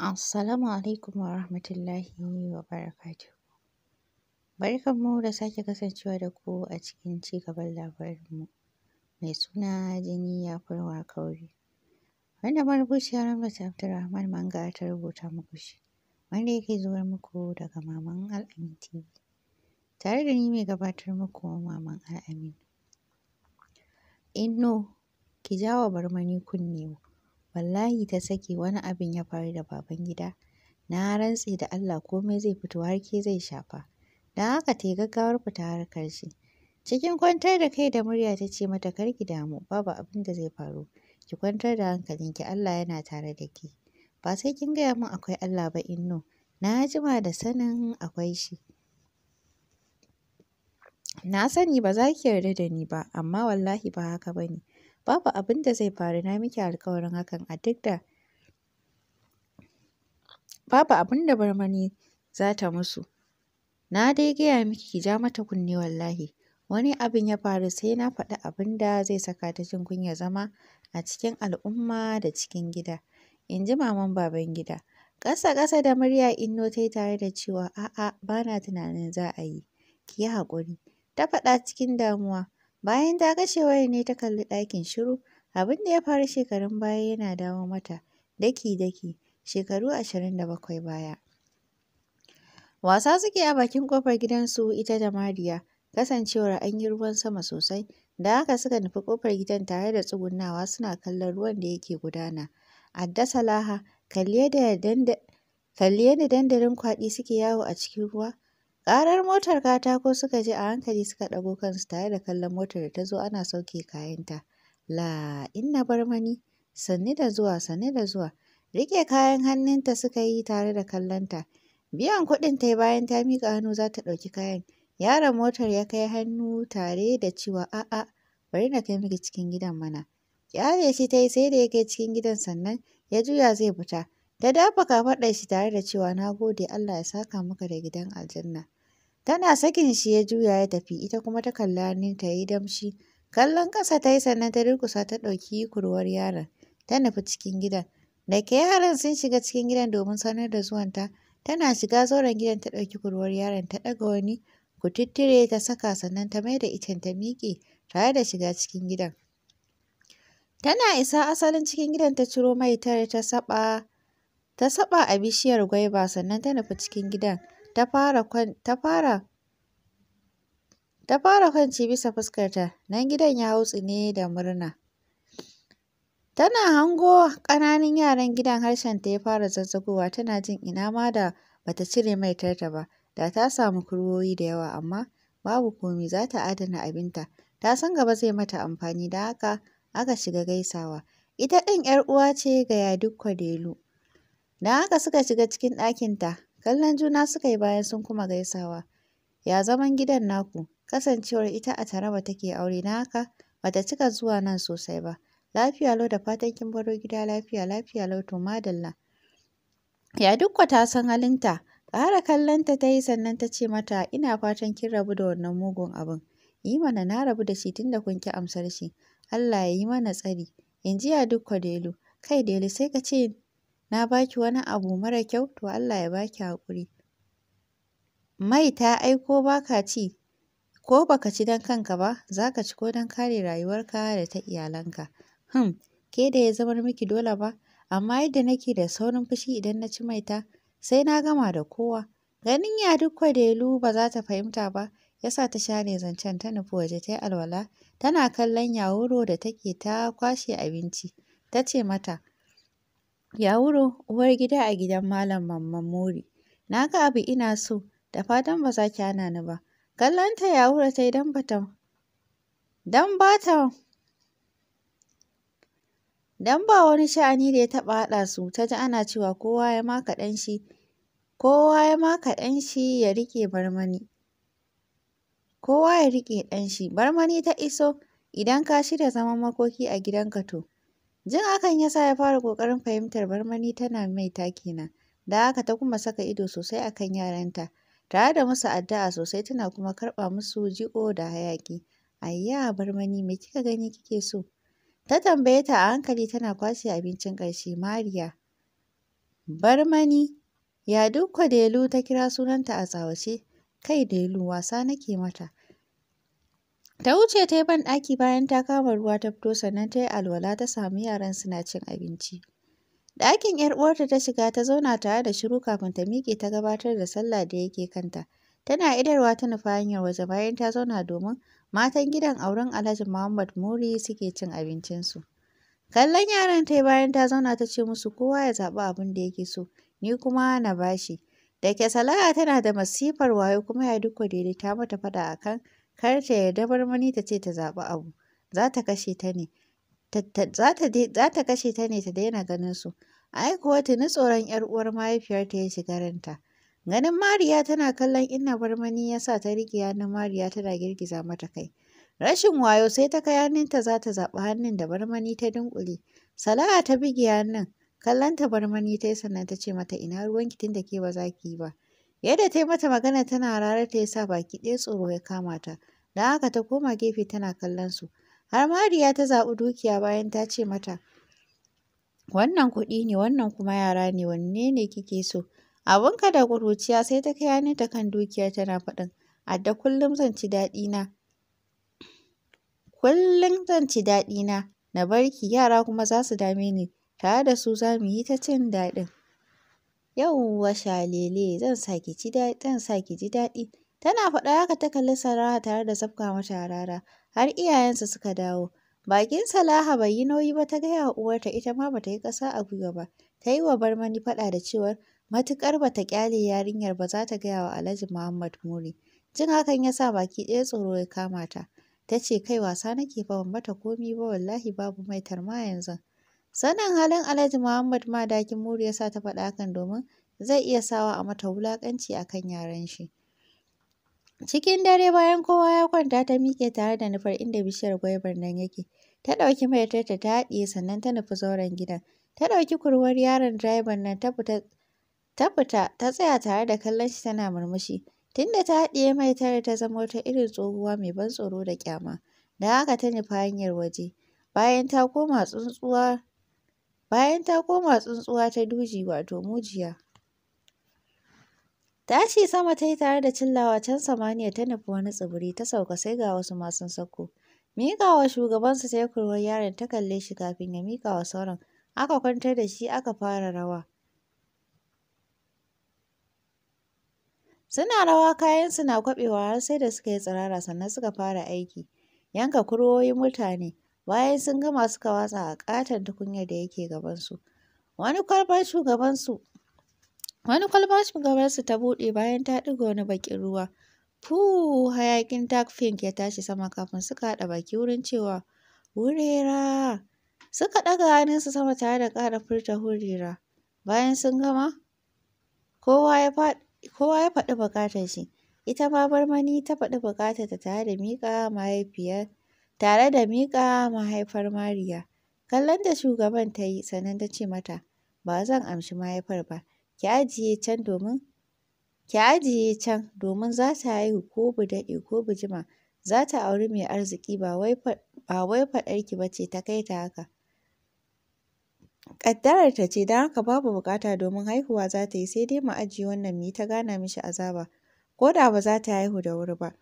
Assalamu alaikum wa rahmatullahi wa barakatuh. Barkanmu da sake kasancewa da ku a cikin cigaban labarinmu mai suna jini ya furwa kauri. Wanda marubuciya ta Abdulrahman Manga ta rubuta muku shi, wanda yake zuwa muku daga Maman Al'amin TV. Tare da ni mai gabatar muku Maman Al'amin. Inno, ki jawa barmani kunne Wallahi ta sake wani abin ya faru da baban gida? Na rantse da Allah komai zai fito har zai shafa. Don haka ta yi gaggawar fita harkar shi. Cikin kwantar da kai da murya ta ce mata kar ki damu babu abin da zai faru. Ki kwantar da hankalinki Allah yana tare da ki. Ba sai kin gaya min akwai Allah ba inno. Na jima da sanin akwai shi. Na sani ba za ki yarda da ni ba, amma wallahi ba haka ba ne. babu abin da zai faru na miki alkawarin hakan a duk da babu abin da barmani za ta musu na dai gaya miki ki ja mata kunne wallahi wani abin ya faru sai na faɗi abin da zai saka ta jin kunya zama a cikin al'umma da cikin gida in ji maman Babangida. ƙasa ƙasa da murya inno ta yi tare da cewa a'a ba na tunanin za a yi ki yi haƙuri ta faɗa cikin damuwa Bayan ta kashe wayar ne ta kalli ɗakin shiru, abin da ya faru shekarun baya yana dawo mata daki-daki shekaru ashirin da bakwai baya. Wasa suke a bakin ƙofar gidansu ita da Mariya, kasancewar an yi ruwan sama sosai, da haka suka nufi ƙofar gidan tare da tsugunnawa suna kallon ruwan da yake gudana. Adda Salaha, kalli yadda dandalin kwaɗi suke yawo a cikin ruwa, Ƙarar motar katako suka je a hankali suka ɗago kansu tare da kallon motar da ta zo ana sauke kayanta. La inna barmani, sanni da zuwa, sanni da zuwa. Rike kayan hannunta suka yi tare da kallonta. Biyan kuɗin ta bayan ta miƙa hannu za ta ɗauki kayan. Yaron motar ya kai hannu tare da cewa a'a bari na kai miki cikin gidan mana. Kyale shi ta yi sai da ya kai cikin gidan sannan ya juya zai fita. Ta dafa kafaɗar shi tare da cewa na gode Allah ya saka maka da gidan aljanna. Tana sakin shi ya juya ya tafi, ita kuma ta kalla ta yi damshi. Kallon ƙasa ta yi sannan ta durkusa ta ɗauki kurwar yaron, ta nufi cikin gidan. Da ke yaran sun shiga cikin gidan domin sanar da zuwanta, tana shiga zauren gidan ta ɗauki kurwar yaron ta ɗaga wani kututture ta saka sannan ta mai da icen ta miƙe tare da shiga cikin gidan. Tana isa asalin cikin gidan ta ciro mai tare ta saba ta saba a bishiyar gwaiba sannan ta nufi cikin gidan. ta fara kwanci bisa fuskarta, nan gidan ya hau tsine da murna. Tana hango ƙananan yaran gidan harshen ta ya fara zazzagowa tana jin ina ma da bata cire mai maitarta ba, da ta samu kurwoyi da yawa amma babu komi za ta adana abinta, ta san gaba zai mata amfani da haka aka shiga gaisawa. Ita ɗin ‘yar uwa ce ga Yadiko Delu, don haka suka shiga cikin ɗakinta Kallon juna suka yi bayan sun kuma gaisawa. Ya zaman gidan naku? Kasancewar ita a Taraba take aure na haka bata cika zuwa nan sosai ba. Lafiya lau da fatan kin baro gida lafiya lafiya lau to madalla. Ya dukka ta san halinta. Ƙara kallon ta yi sannan ta ce mata ina fatan kin rabu da wannan mugun abin. Yi mana na rabu da shi tunda kun ki amsar shi. Allah ya yi mana tsari. In ji ya dukka Delu. Kai Delu sai ka ce na baki wani abu mara kyau to Allah ya baki haƙuri. mai ta aiko baka ci ko baka ci don kanka ba zaka ci ko don kare rayuwar rayuwarka da ta iyalanka. Hmm, ke da ya zama miki dole ba, amma yadda nake da saurin fushi idan na ci maita sai na gama da kowa. Ganin ya duk kwadelu ba za ta fahimta ba, yasa ta share zancen ta nufi waje ta yi alwala, tana kallon yawuro da take ta kwashe abinci. Ta ce mata, Yawuro, gida a gidan Malam Mamman Mori, na ga abu ina so, da fatan ba za ki hana ni ba. Kallonta Yawuro ta yi bata. ba ta don ba wani sha'ani da ya taɓa haɗa su ta ji ana cewa kowa ya maka ɗan shi kowa ya ma kaɗan shi ya riƙe barmani kowa ya riƙe ɗan shi barmani ta iso idan ka shirya zaman makoki a gidanka to Jin hakan ya sa ya fara ƙoƙarin fahimtar barmani tana mai taki na, da haka ta kuma saka ido sosai a kan yaranta, tare da musu addu'a sosai tana kuma karɓa musu jiƙo da hayaƙi. Ayya barmani me kika gani kike so? Ta tambaye ta a hankali tana kwashe abincin ƙarshe Mariya. Barmani, ya dukka Delu ta kira sunanta a tsawace, kai Delu wasa nake mata. Ta wuce ta yi banɗaki bayan ta kama ruwa ta fito sannan ta yi alwala ta samu yaran suna cin abinci. Ɗakin ‘yar uwarta ta shiga ta zauna tare da shiru kafin ta miƙe ta gabatar da sallah da yake kanta. Tana idarwa ta nufa hanyar waje bayan ta zauna domin matan gidan auren Alhaji Muhammad Muri suke cin abincinsu. Kallon yaran ta yi bayan ta zauna ta ce musu kowa ya zaɓi abin da yake so, ni kuma na bashi. Da ke tana da masifar wayo kuma ya duk daidai ta mata faɗa akan kar ta yarda barmani ta ce ta zaɓi abu za ta kashe ta ne za ta kashe ta ne ta daina ganin su ai kuwa tuni tsoron yar uwar mahaifiyarta ya shiga ranta ganin mariya tana kallon inna barmani ya sa ta riƙe hannun mariya tana girgiza mata kai rashin wayo sai ta kai hannunta za ta zaɓi hannun da barmani ta dunƙule sala'a ta bige hannun kallon ta barmani ta yi sannan ta ce mata ina ruwan kitin da ke ba za ki yi ba Yadda ta yi mata magana tana rarar ta yasa baki ɗaya tsoro ya kama ta, don haka ta koma gefe tana kallon su. Har Mariya ta zaɓi dukiya bayan ta ce mata, wannan kuɗi ne, wannan kuma yara ne, wanne ne kike so? Abinka da ƙuruciya sai ta kai hannunta kan dukiya tana faɗin, adda kullum zan ci daɗina. Kullum zan ci daɗina, na bar ki yara kuma za su dame ni, tare da su za mu yi ta cin daɗin. Yauwa Shalele zan sa ki ji daɗi, zan sa ki ji daɗi. Tana faɗa haka ta kalli Salaha tare da safka mata rara har iyayensa suka dawo. Bakin Salaha bai yi nauyi ba ta gaya wa uwarta ita ma bata yi ƙasa a gwiwa ba. Ta yi wa Barmani faɗa da cewar matuƙar bata ƙyale yarinyar ba za ta gaya wa Alhaji Muhammad Muri. Jin hakan ya sa baki ɗaya tsoro ya kama ta. Ta ce kai wasa nake ba ban mata komi ba wallahi babu mai tarma yanzu. Sannan halin Alhaji Muhammad ma dakin Muru ya sa ta faɗa hakan domin zai iya sawa a mata wulaƙanci a kan yaran shi. Cikin dare bayan kowa ya kwanta ta miƙe tare da nufar inda bishiyar gwaibar nan yake. Ta ɗauki maitarta ta haɗiye sannan ta nufi zauren gidan. Ta ɗauki kurwar yaron direban nan ta fita ta fita ta tsaya tare da kallon shi tana murmushi. Tunda ta haɗiye maitar ta zama wata irin tsohuwa mai ban tsoro da ƙyama. Da haka ta nufi hanyar waje. Bayan ta koma tsuntsuwa bayan ta koma tsuntsuwa ta duji wato mujiya. Tashi sama ta yi tare da cillawa can samaniya ta nufi wani tsibiri ta sauka sai ga wasu masu sauko. Miƙawa shugabansu ta yi kurwar yaron ta kalle shi kafin ya miƙa wa sauran. Aka kwantar da shi aka fara rawa. Suna rawa su na kwaɓewa har sai da suka yi tsirara sannan suka fara aiki. Yanka kurwoyin mutane. Bayan sun gama suka watsa a katon tukunyar da yake gabansu. Wani kwalbar shugabansu Wani kwalbar shugabarsu ta buɗe bayan ta ɗiga wani baƙin ruwa. Fu hayaƙin dark pink ya tashi sama kafin suka haɗa baki wurin cewa hurera. Suka ɗaga hannunsu sama tare da ƙara furta hurera. Bayan sun gama, kowa ya faɗi buƙatar shi. Ita ma barmani ta faɗi buƙatar ta tare da miƙa mahaifiyar tare da miƙa mahaifar Mariya. Kallon da shugaban ta yi sannan ta ce mata, ba zan amshi mahaifar ba, ki ajiye can domin ki ajiye can domin za ta haihu ko bu daɗe ko bu jima za ta auri mai arziki ba wai faɗarki ba ce ta kai ta haka. Ƙaddarar ta ce don haka babu buƙata domin haihuwa za ta yi sai dai mu ajiye wannan mu yi ta gana mishi azaba ko da ba za ta haihu da wuri ba.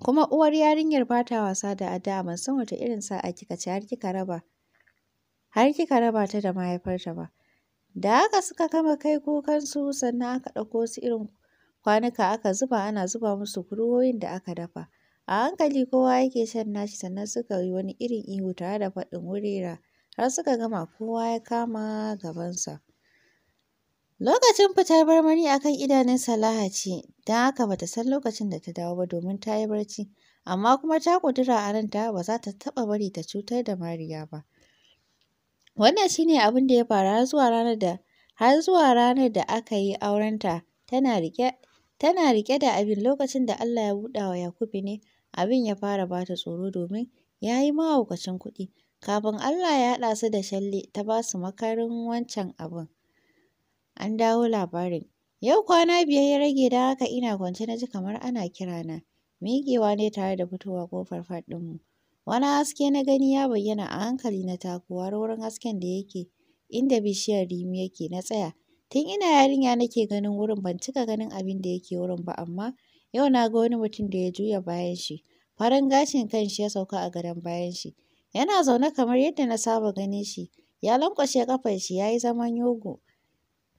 Kuma uwar yarinyar ba ta wasa da addu'a ban san wata irin sa'a kika ci har kika raba har kika raba ta da mahaifarta ba. Da haka suka kama kai kukansu sannan aka ɗauko su irin kwanuka aka zuba ana zuba musu kuruwoyin da aka dafa. A hankali kowa yake shan nashi sannan suka yi wani irin ihu tare da faɗin wurera har suka gama kowa ya kama gabansa. Lokacin fitar marmari a kan idanun Salaha ce, don haka bata san lokacin da ta dawo ba domin ta yi barci, amma kuma ta ƙudura a ranta ba za ta taɓa bari ta cutar da Mariya ba. Wannan shi ne abin da ya faru har zuwa ranar da har zuwa ranar da aka yi aurenta tana rike tana da abin lokacin da Allah ya buɗa wa Yakubu ne abin ya fara ba ta tsoro domin ya yi mahaukacin kuɗi kafin Allah ya haɗa su da Shalle ta ba su makarin wancan abin. An dawo labarin. Yau kwana biyar ya rage don haka ina kwance na ji kamar ana kira na Miƙewa ne tare da fitowa kofar fat ɗinmu. Wani haske na gani ya bayyana a hankali na takuwa, har wurin hasken da yake inda bishiyar rimi yake na tsaya. Tun ina yarinya nake ganin wurin ban cika ganin abin da yake wurin ba amma yau na ga wani mutum da ya juya bayan shi. Farin gashin kan shi ya sauka a gadon bayan shi. Yana zaune kamar yadda na saba ganin shi. Ya lankwashe ƙafar shi ya yi zaman yogo.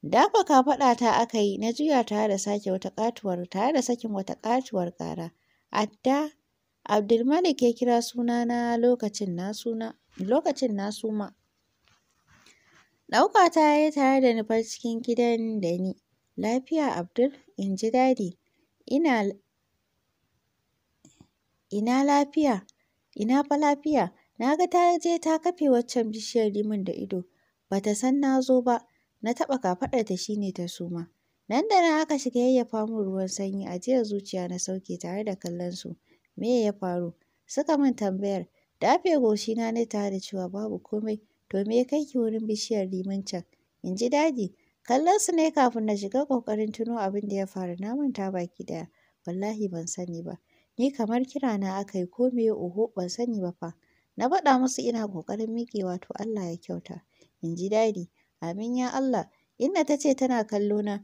Dafa ta aka yi, na juya tare da sake wata katuwar tare da sakin wata katuwar ƙara. Adda, Abdulmalik ya kira sunana lokacin na suna, lokacin na suma. Ɗauka ta yi tare da nufar cikin gidan da ni. Lafiya Abdul, in ji dadi. Ina, ina lafiya, ina fa lafiya. Na ga ta je ta kafe waccan bishiyar limin da ido. Ba ta san na zo ba. na taɓa kafaɗarta shi ne ta suma. Nan da nan aka shiga yayyafa min ruwan sanyi a ajiyar zuciya na sauke tare da kallon su. Me ya faru? Suka min tambayar. Dafe na ne tare da cewa babu komai. To me kai ki wurin bishiyar liman can? In ji daji. Kallon su ne kafin na shiga ƙoƙarin tuno abin da ya faru na manta baki ɗaya. Wallahi ban sani ba. Ni kamar kira na aka yi ko me oho ban sani ba fa. Na faɗa musu ina ƙoƙarin miƙewa to Allah ya kyauta. In ji daɗi. Amin ya Allah. Inna ta ce tana kallo na.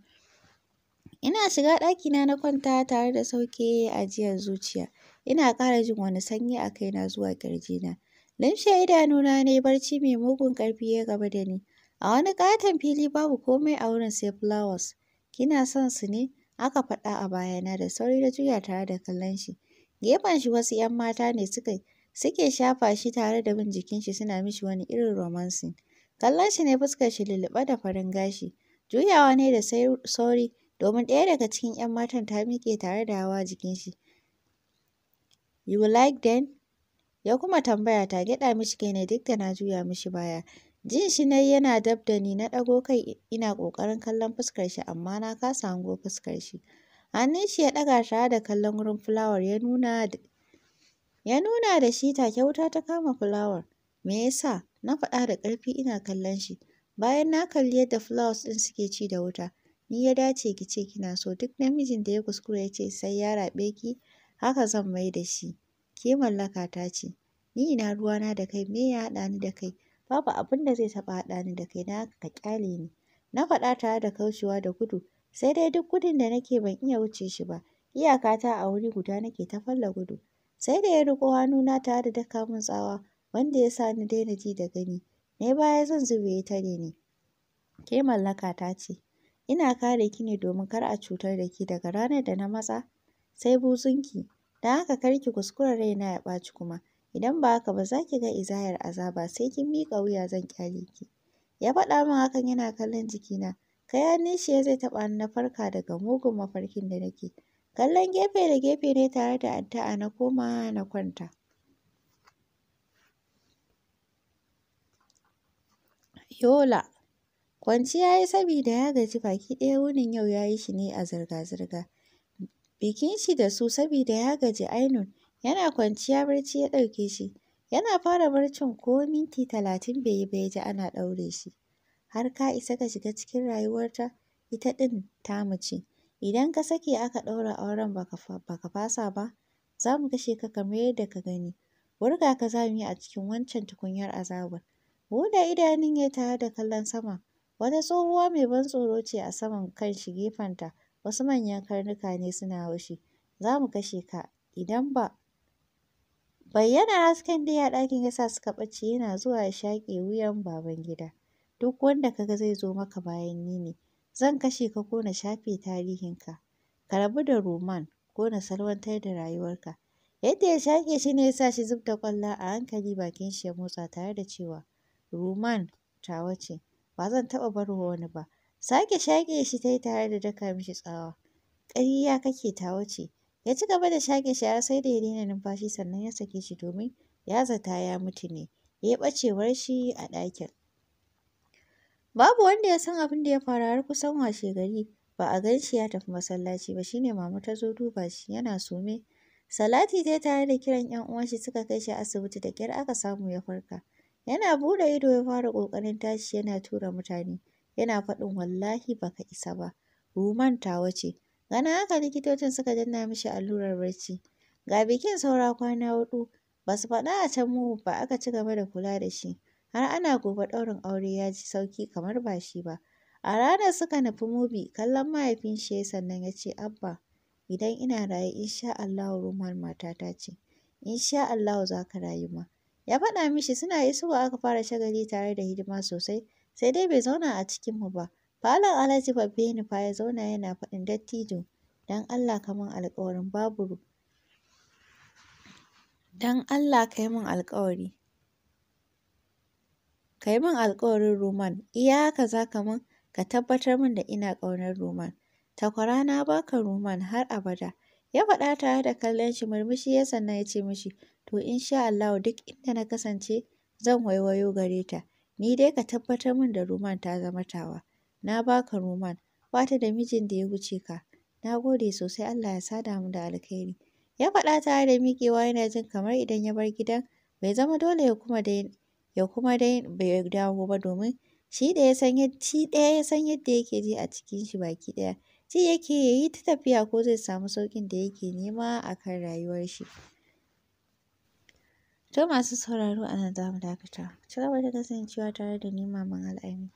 Ina shiga ɗakina na kwanta tare da sauke ajiyar zuciya. Ina ƙara jin wani sanyi a kaina zuwa ƙirji na Limshe idanuna ne barci mai mugun ƙarfi ya gaba da ni. A wani ƙaton fili babu komai a wurin sai flowers. Kina son su ne? Aka faɗa a bayana da sauri da juya tare da kallon shi. Gefen shi wasu 'yan mata ne suke shafa shi tare da bin jikin shi suna mishi wani irin romancing. Kallon shi ne fuskar shi lulluɓe da farin gashi. Juyawa ne da sauri domin ɗaya daga cikin 'yan matan ta miƙe tare da hawa jikin shi. You like them? Ya kuma tambaya ta gyaɗa mishi kai ne duk da na juya mishi baya. Jin shi na yana dab da ni na ɗago kai ina ƙoƙarin kallon fuskar shi amma na kasa hango fuskar shi. Hannun shi ya ɗaga shara da kallon wurin fulawar ya nuna ya nuna da shi take wuta ta kama fulawar. Me yasa? na faɗa da ƙarfi ina kallon shi. Bayan na kalli yadda flowers ɗin suke ci da wuta, ni ya dace ki ce kina so duk namijin da ya kuskure ya ce sai ya raɓe ki, haka zan mai da shi. Ke mallaka ta ce, ni ina ruwana da kai me ya haɗa ni da kai, babu abin da zai taɓa haɗa ni da kai na haka ka ƙyale ni. Na faɗa tare da kaucewa da gudu, sai dai duk gudun da nake ban iya wuce shi ba, iyakata a wuri guda nake ta falla gudu. Sai da ya riƙo hannuna tare da daka min tsawa, wanda ya sa ni daina ji da gani. Me baya zan zube ta ne ni. Ke mallaka ta ce, ina kare ki ne domin kar a cutar da ki daga ranar da na matsa sai buzunki. Don haka kar ki kuskura raina ya ɓaci kuma. Idan ba haka ba za ki ga izayar azaba sai kin miƙa wuya zan kyale ki. Ya faɗa min hakan yana kallon jiki jikina. Kayan shi ya zai taɓa ni na farka daga mugun mafarkin da nake. Kallon gefe da gefe ne tare da addu'a na koma na kwanta. Yola. Kwanciya ya yi sabida ya gaji baki ɗaya wunin yau ya yi shi ne a zirga-zirga. Bikin shi da su sabida ya gaji ainun yana kwanciya barci ya ɗauke shi. Yana fara barcin ko minti talatin bai yi bai ji ana ɗaure shi. Har ka isa ka shiga cikin rayuwarta ita ɗin ta ce. Idan ka sake aka ɗaura auren baka fasa ba za mu kashe ka kamar yadda ka gani. Wurga ka za mu yi a cikin wancan tukunyar azabar. Buɗe idanun ya tare da kallon sama. Wata tsohuwa mai ban tsoro ce a saman kan shi gefenta wasu manyan karnuka ne suna haushi. Za mu kashe ka idan ba. Bayyana hasken dai a ɗakin ya sa suka ɓace yana zuwa ya shaƙe wuyan Babangida. Duk wanda ka ga zai zo maka bayan ni ne. Zan kashe ka ko na shafe tarihinka. Ka rabu da Roman ko na salwantar da rayuwarka. Yadda ya shaƙe shi ne ya sa shi zub da a hankali bakin shi ya motsa tare da cewa Roman tawa ce, ba zan taɓa barwa wani ba. Sake shaƙe shi ta yi tare da daka mishi tsawa. Ƙarya kake tawa ce. Ya ci gaba da shaƙe shi har sai da ya daina numfashi sannan ya sake shi domin ya zata ya mutu ne. Ya yi ɓacewar shi a ɗakin. Babu wanda ya san abin da ya faru har kusan washe gari. Ba a gan shi ya tafi masallaci ba shine mama ta zo duba shi yana sume. Salati ta tare da kiran 'yan uwan shi suka kai shi asibiti da ƙyar aka samu ya farka. Yana buɗe ido ya fara ƙoƙarin tashi yana tura mutane, yana faɗin wallahi baka isa ba, ruman tawa ce. Ganin haka likitocin suka danna mishi allurar barci. Ga bikin saura kwana huɗu, ba faɗa a can mu ba aka ci gaba da kula da shi. Har ana gobe ɗaurin aure ya ji sauƙi kamar ba shi ba. A ranar suka nufi Mubi, kallon mahaifin shi ya sannan ya ce, Abba, idan ina raye insha Allahu Ruman matata ce, insha Allahu za ka rayu ma. Ya faɗa mishi suna yi suwa aka fara shagali tare da hidima sosai, sai dai bai zauna a cikinmu ba. Falon Alhaji babbe ni fa ya zauna yana faɗin dattijo, don Allah ka min alƙawarin babu Allah ka yi min alƙawari. Ka yi min alƙawarin Roman, iya haka za ka min, ka tabbatar min da ina ƙaunar Roman. Takwara na baka Roman har abada. ya faɗa tare da kallon shi murmushi ya sannan ya ce mishi to sha Allahu duk inda na kasance zan waiwayo gare ta ni dai ka tabbatar min da Ruman ta zama tawa na baka Ruman wata da mijin da ya wuce ka na gode sosai Allah ya sada mu da alkhairi ya faɗa tare da miƙewa yana jin kamar idan ya bar gidan bai zama dole ya kuma dai ya kuma dai bai dawo ba domin shi da ya san shi ɗaya ya san yadda yake ji a cikin shi baki ɗaya Ji yake ya yi ta tafiya ko zai samu sauƙin da yake nema a kan rayuwar shi. To masu sauraro a nan za mu dakata. Ku ci gaba da kasancewa tare da neman Maman